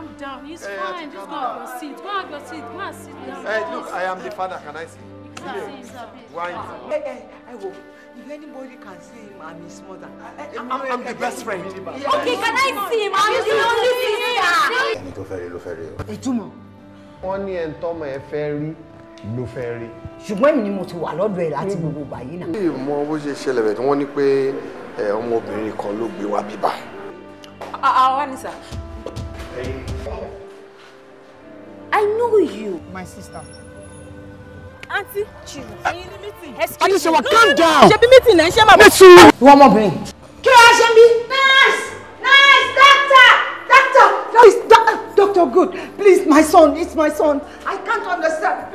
calm down. He's hey, eh, fine. Just go have your seat. Go have your seat. Go and sit down. Hey, look, I am the father. Can I see? Why? Hey, hey, I will. If anybody can see him, I'm his mother. I, eh, eh, I'm, I'm, I'm the best friend. Yeah. Okay, can I see him? I'm the only sister. Ẹni tó fẹ́ rí ló fẹ́ rí o. Ìtumọ̀. Wọ́n ní ẹni tọ́mọ ẹ fẹ́ rí Ṣùgbọ́n ni mo ti wà lọ́dọ̀ ẹ̀ láti hmm. gbogbo ìgbà yìí náà. Bí ìmọ̀ bó ṣe ṣẹlẹ̀ bẹ̀ tí wọ́n ní pé ọmọbìnrin kan ló gbé wá bíbá. Àwa ah, ah, ni sà, I know you. My sister. Auntie, chill. Ẹyin ni meeting. Excuse me. Adesewa, calm down. She be meeting náà ń ṣe máa bọ̀? Mẹ́tù. Ìwọ ọmọbìnrin. Kí ló wá ṣe ń bí? Nurse! Nurse! Doctor! Doctor! Please, do doctor good. Please, my son. It's my son. I can't understand.